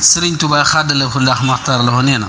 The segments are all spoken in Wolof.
sëriñ Tuubaa xaadalahu ndax maxtaar la nee na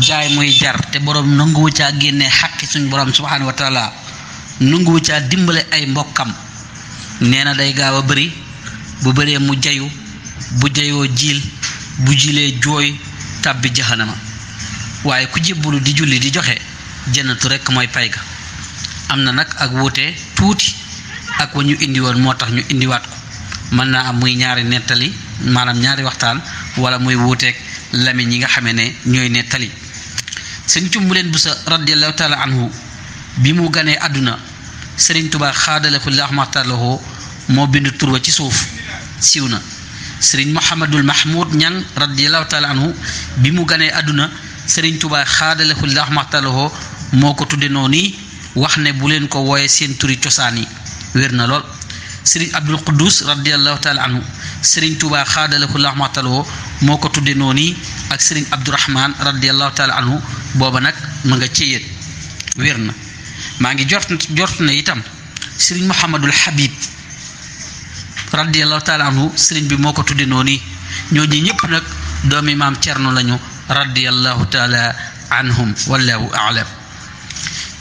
jaay muy jar te borom nanguwu caa génne xaqi suñ borom subhaanahu wa taala nanguwu caa dimbale ay mbokkam nee na day gaaw a bari bu baree mu jayu bu jayoo jiil bu jilee jooy tàbbi jahanama waaye ku jébbalu di julli di joxe jannatu rekk mooy pay ga am na nag ak wuute tuuti ak wa ñu indi woon moo tax ñu indiwaat ko mën naa am muy ñaari nettali maanaam ñaari waxtaan wala muy wuuteek lamiñ yi nga xamee ne ñooy nettali sëñ Cumbuleen Busa radiallahu taala anhu bi mu ganee àdduna sëriñ Tuubaa xaadaleku laxmatalahoo moo bind turwa ci suuf siiw na sëriñ Mouhamadul Mahmoud Ñang radiallahu taala anhu bi mu ganee àdduna sëriñ Tuubaa xaadaleku laxmatalahoo moo ko tuddee noonu wax ne bu leen ko wooye seen turi cosaan yi wér na lool serigne abdul Qudus radiyallahu ta'ala anhu sering touba khadalahu allah ta'ala moko tuddé noni ak serigne abdurrahman radiyallahu ta'ala anhu boba nak ma nga ci werna ma ngi jort jort na itam serigne muhammadul habib radiyallahu ta'ala anhu serigne bi moko tuddé noni ñoo ñi ñep nak doomi mam cierno lañu radiyallahu ta'ala anhum wallahu a'lam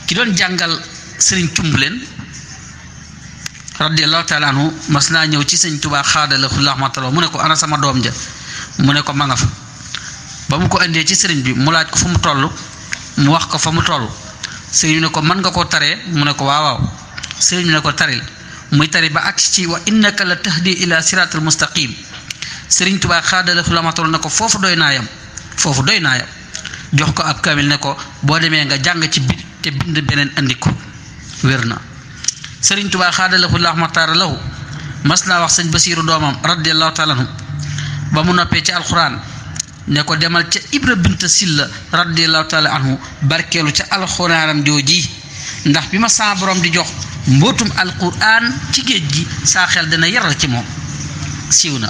ki janggal jangal serigne tumbulen radiallahu taala anhu mas naa ñëw ci sëñ tubaa xaadalahu rahmatala mu ne ko ana sama doom ja mu ne ko ma nga fa ba mu ko indee ci sëriñ bi mu laaj ko fa mu toll mu wax ko fa mu toll sëriñ ne ko mën nga koo taree mu ne ko waawaaw sëriñ ne ko taril muy tari ba agsi ci wa innaka la tahdi ila siraatal mustaqim sëriñ tubaa xaadalahu rahmatala ne ko foofu doy naa yam foofu doy naa yam jox ko ab kamil ne ko boo demee nga jàng ci bi te bind beneen andi ko sëriñ tubaa xaadalahu laax maxtaara lahu mas naa wax sëñ basiiru doomam radiallahu taala anhu ba mu noppee ci alxuraan ne ko demal ca ibra binta silla radiallahu taala anhu barkeelu ca alxuraanam jooji ndax bi ma saa di jox mbootum alquran ci géej gi saa xel dana yaral ci moom siiw na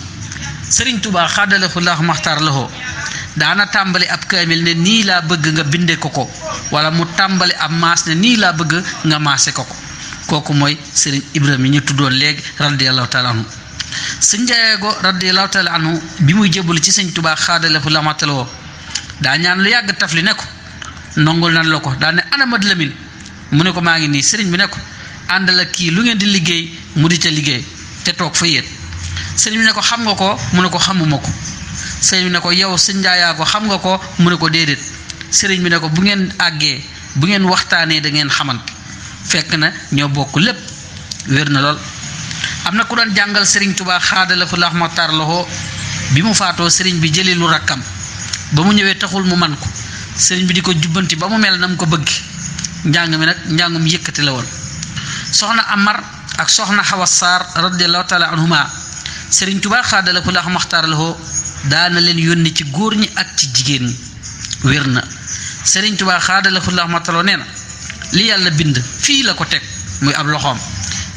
sëriñ tubaa xaadalahu laax maxtaar lahu daana tàmbali ab kaamil ne nii laa bëgg nga binde ko ko wala mu tàmbali ab maas ne nii laa bëgg nga maase ko ko kooku mooy sëriñ Ibrahima ñu tuddoon léegi radiallahu taala anhu sëñ Njaago radiallahu taala anhu bi muy jébbalu ci sëñ Tuubaa xaadalafu lamataloo daa ñaan lu yàgg taf li ne ko nongul nan la ko daa ne ana Mad Lamin mu ne ko maa ngi nii sëriñ bi ne ko àndal kii lu ngeen di liggéey mu di ca liggéey te toog fa yéen sëriñ bi ne ko xam nga ko mu ne ko xamuma ko sëriñ bi ne ko yow sëñ ko xam nga ko mu ne ko déedéet sëriñ bi ne ko bu ngeen àggee bu ngeen waxtaanee da ngeen fekk na ñoo bokk lépp wér na lool am na ku doon jàngal sëriñ tubaax xaadala fu laax maxtaar loxo bi mu faatoo sëriñ bi jëli lu rakkam ba mu ñëwee taxul mu man ko sëriñ bi di ko jubbanti ba mu mel na mu ko bëgg njàng mi nag njàngum yëkkati la woon soxna amar ak soxna xawa saar radiallahu taala anhuma sëriñ tubaa xaadala fu laax maxtaar leen yónni ci góor ñi ak ci jigéen ñi na sëriñ tubaa xaadala fu laax maxtaar nee na li yàlla bind fii la ko teg muy ab loxoom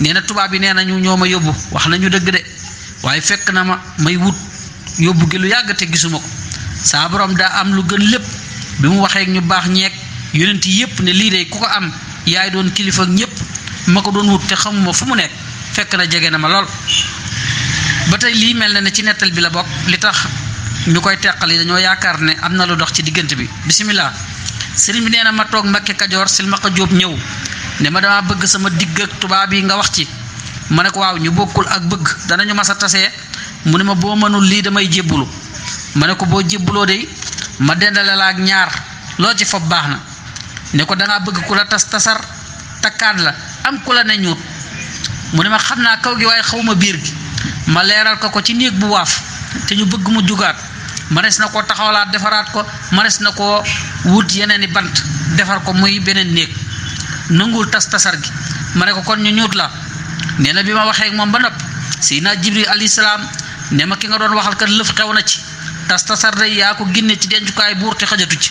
nee na tubaab yi nee nañu ñoo ma yóbbu wax nañu dëgg de waaye fekk na ma may wut yóbbu gi lu yàgg te gisuma ko saa borom daa am lu gën lépp bi mu waxee ñu baax ñeeg yonent yépp ne lii de ku ko am yaay doon kilifa ak ñépp ma ko doon wut te xamuma fu mu nekk fekk na jege na ma lool ba tey lii mel na ne ci nettal bi la bokk li tax ñu koy teqali dañoo yaakaar ne am na lu dox ci diggante bi bisimilah. serigne bi neena na ma toog mbakke kajoor sil mako job ñew ne ma dama bëgg sama digg ak tuba bi nga wax ci mané ko waaw ñu bokul ak bëgg danañu masa tasee mu ne ma bo mënul li damay jébulu ma ko bo jébulo de ma dendale la ak ñaar lo ci fob baxna ne ko nga bëgg kula tass tassar tasar takkaat la am kula ne mu ne ma xamna kaw gi way xawma biir gi ma leral ko ko ci neeg bu waaf te ñu bëgg mu jugaat manes nako taxawla defaraat ko manes nako wut yeneeni bant defar ko muy beneen néeg nangul tas tasar gi ma ne ko kon ñu ñuut la nee na bi ma waxee moom ba nopp sayna jibril alayhi salaam ne ma ki nga doon waxal kat lëf xew na ci tas tasar day yaa ko génne ci dencukaay buur te xajatu ci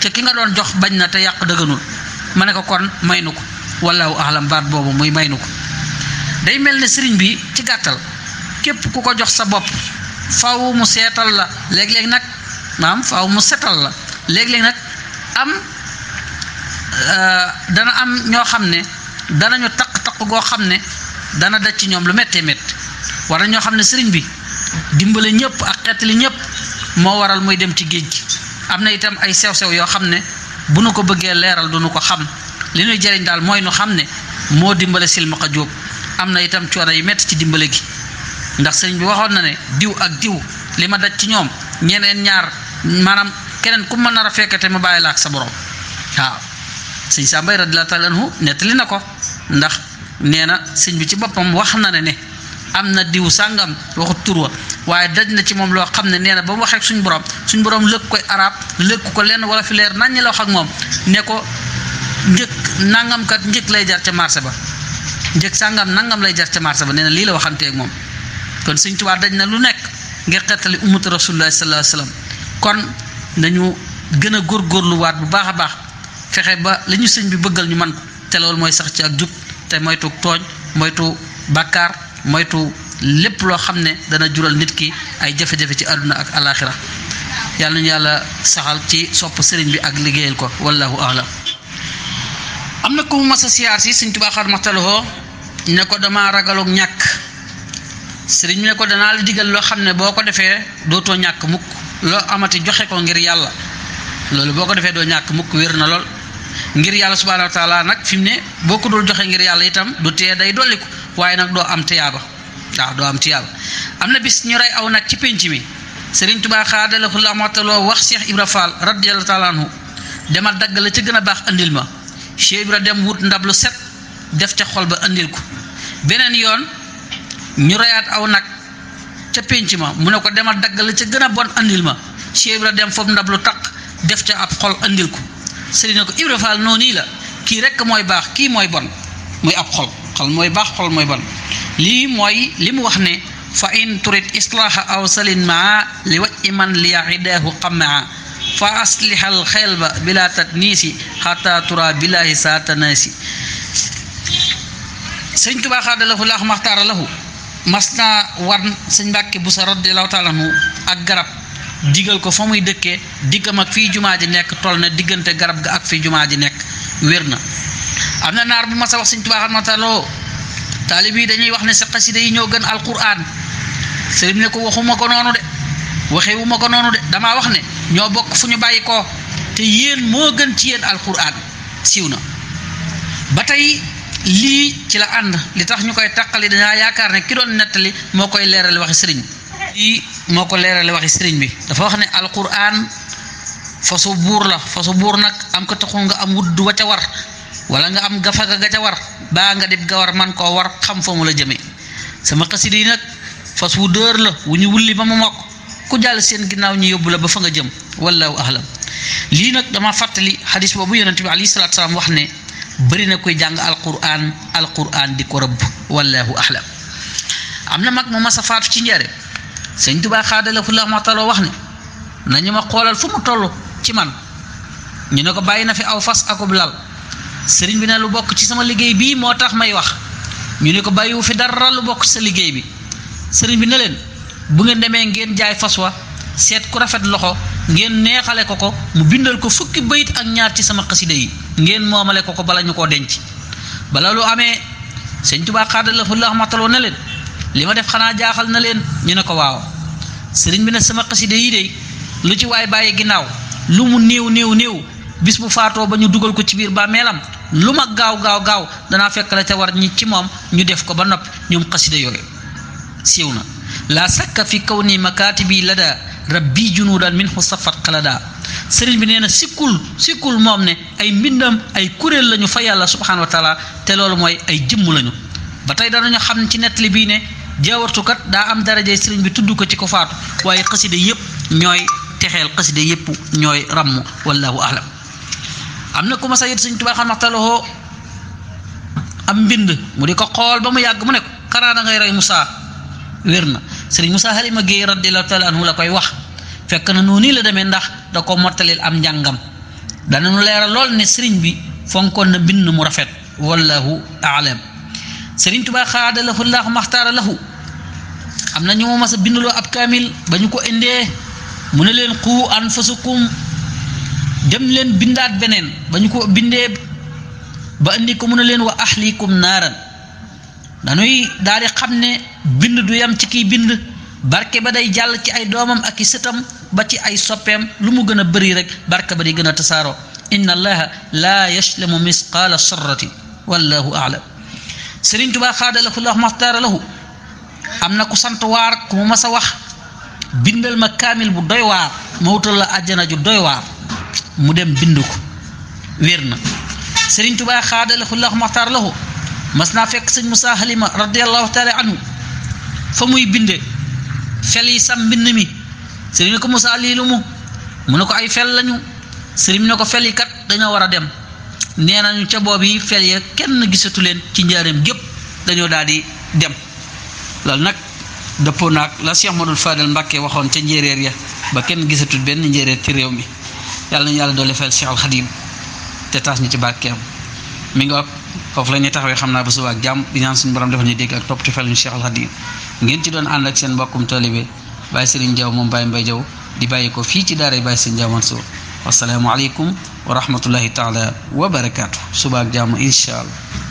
te ki nga doon jox bañ na te yàq ma ko kon wallahu ahlam baat boobu muy day mel ne sëriñ bi ci gàttal képp ku ko jox sa bopp faaw mu seetal la léeg-léeg nag maam faaw mu setal la léeg-léeg nag am euh, dana am ño xamne dana ñu tak tak go xamne dana da ci ñom lu metti métti wala ñoo xam ne bi dimbalé ñepp ak xeetali ñepp mo waral muy dem ci géej amna itam ay sew-sew yo xamne bu nu ko bëggé leeral du nu ko xam li ñu jëriñ dal moy nu xamne mo dimbalé sil ma jóob amna itam coono yu metti ci dimbalé gi ndax serigne bi waxon na ne diw ak diw lima da ci ñom ñeneen ñaar manam keneen ku mën nar a fekkate mu bàyyi la sa borom waaw sëñ sàmbay radiallahu taala anhu nettali na ko ndax nee na sëñ bi ci boppam wax na ne ne am na diw sàngam waxu tur wa waaye daj na ci moom loo xam ne nee na ba mu suñ borom suñ borom lëkk koy arab lëkk ko lenn wala fi leer naññ la wax ak moom ne ko njëkk nangam kat njëkk lay jar ca marché ba njëkk sàngam nangam lay jar ca marché ba nee na lii la ak moom kon sëñ Tuubaa daj na lu nekk ngir xettali rasulullah sallallahu alayhi wasallam kon nañu gën a góorgóorluwaat bu baax a baax fexe ba li ñu sëñ bi bëggal ñu man ko te loolu mooy sax ci ak jub te moytu tooñ moytu bàkkaar moytu lépp loo xam ne dana jural nit ki ay jafe-jafe ci àdduna ak alaxira yàlla ñu yàlla saxal ci sopp sëriñ bi ak liggéeyal ko wallahu a'lam am na ko mu mas a siyaar si sëñ Tuubaa ne ko dama ragaloog ñàkk sëriñ bi ne ko danaa la digal loo xam ne boo ko defee dootoo ñàkk mukk lo amati joxe ko ngir yalla lolou boko defé do ñak mukk wér na lol ngir yalla subhanahu wa taala nak fimne boko ne dul joxe ngir yalla itam du tee day doliku waye nak do am tiyaba da do am tiyaba am na bis ñu ray aw nak ci pénc mi serigne touba khadalahu la motaloo wax cheikh ibra fall taala anhu demal dag la ci gëna bax andil ma cheikh ibra dem wut ndab lu set def ci xol ba andil ko benen yoon ñu rayat aw nak ca pénc ma mu ne ko demal daggal ca gën a bon andil ma Cheikh Ibra dem foofu ndab lu taq def ca ab xol andil ko sëriñ ko Ibra Fall noonu la kii rekk mooy baax kii mooy bon muy ab xol xol mooy baax xol mooy bon lii mooy li mu wax ne fa in turid islaaha awsalin maa li waj man liyaidaahu xammaa fa aslihal xelba bila tatniisi xata tura bilahi saatanaasi sëñ tubaa xaada lahu laax lahu masna war seigne mbacke bu sa law ta'ala nu ak garab digal ko famuy dekke digam ak fi juma nek tol na digënté garab ga ak fi juma nek werna amna nar bu ma sa wax seigne tuba xamata lo talibi dañuy wax ne sa qasida yi ñoo gën alquran serigne ne ko waxuma ko nonu de waxewuma ko nonu de dama wax ne ñoo bok fuñu bayiko te yeen mo gën ci yeen alquran siwna batay li ci la and li tax ñukoy takali dañu yaakar ne ki doon netali mo koy leral waxi serign lii mo ko leral waxi serign bi dafa wax ne alquran fasu bur la fasu bur nak am ko taxu nga am wuddu wa ca war wala nga am gafaga ga ca war ba nga dib gawar man ko war xam fa mu la jeme sama qasidi nak nag deur la wu ñu wulli ba mu mok ku jall seen ginnaaw ñu yobula ba fa nga jëm wallahu ahlam li nak dama fatali hadith bobu yonente bi sallallahu alaihi wasallam wax bari na koy jang alquran alquran di ko rëbb wallahu ahlam amna mak mo massa mas faatu ci njare seigne touba khadalahu allah ma taala wax ne nañu ma xolal fu mu tollu ci man ñu ne ko bàyyi fi aw fas akub lal sëriñ bi na lu bok ci sama liggey bi motax may wax ñu ne ko fi dara lu bok sa liggey bi sëriñ bi na len bu ngeen demee ngeen jaay faswa set ku rafet loxo ngeen neexale ko ko mu bindal ko fukki bayit ak ñaar ci sama xasida yi ngeen moomale ko ko bala ñu koo denc bala lu amee sëñ Tuubaa xaadalafu la mataloo na leen li ma def xanaa jaaxal na leen ñu ne ko waaw sëriñ bi na sama xasida yi de lu ci waay bàyyi ginnaaw lu mu néew néew néew bis bu faatoo ba ñu dugal ko ci biir bàmmeelam lu ma gaaw gaaw gaaw danaa fekk la te war ñi ci moom ñu def ko ba nopp ñoom xasida yooyu siiw na la sakka fi kaw ni makaatibi lada rabbi junuudan minhu safat xalada sëriñ bi nee na sikkul sikkul moom ne ay mbindam ay kuréel lañu fa yàlla subhanahu wa te loolu mooy ay jëmm lañu ba tey danañu xam ci nettali bii ne jaawartukat daa am darajey sëriñ bi tudd ko ci ko faatu waaye xaside yëpp ñooy texeel xaside yëpp ñooy ràmm wallahu alam am na ku ma sa yët sëñ Tuubaa xam waxtalowoo am mbind mu di ko xool ba mu yàgg mu ne ko xanaa da wér na sëriñ Moussa Halima Guèye radiyallahu taala anhu la koy wax fekk na noonu la demee ndax da ko mortalil am njàngam danañu leeral lool ne sëriñ bi fonkoon na bind mu rafet wallahu aalam sëriñ Tuubaa xaada lahu maxtaara lahu am na ñu mas a bindloo ab kaamil ba ñu ko indee mu ne leen qu anfusakum dem leen bindaat beneen ba ñu ko bindee ba indi ko mu ne leen wa ahlikum naaran dañuy daal di xam ne bind du yam ci kiy bind barke ba day jàll ci ay doomam ak i sëtam ba ci ay soppeem lu mu gën a bëri rek barke ba di gën a tasaaroo in allaha la yaslamu misqaala sarrati wallahu aalam a tubaa xaada lahu llahu maxtaara lahu am na ku sant waar ku mu mas wax bindal ma kaamil bu doy waar ma wutal la àjjana ju doy waar mu dem bind ko wér na sëriñ tubaa xaada lahu llahu lahu mas naa fekk sëñ musaa halima radiallahu taala anhu fa muy binde fel yi sam mbind mi sëriñ ne ko Moussa lii lu mu mu ne ko ay fel lañu sëriñ ne ko fel yi kat dañoo war a dem nee nañu ca boob yi fel ya kenn gisatu leen ci njaareem gépp dañoo daal di dem loolu nag dëppoo naag la Cheikh Modou Fadel Mbacke waxoon ca njéeréer ya ba kenn gisatul benn njéeréer ci réew mi yàlla nañu yàlla doole fel Cheikh Al Khadim te taas ñu ci barkeem mi nga foofu la ñuy taxawee xam naa ba suba ak jàmm di ñaan suñu borom defal ñu dégg ak topp te fel ngeen ci doon ànd ak seen mbokkum taalibe Baye Serigne Diaw moom Baye Mbaye di bàyyi ko fii ci daara Baye Serigne Diaw Mansour wasalaamualeykum wa rahmatullahi taala wa barakaatu subaak jàmm incha allah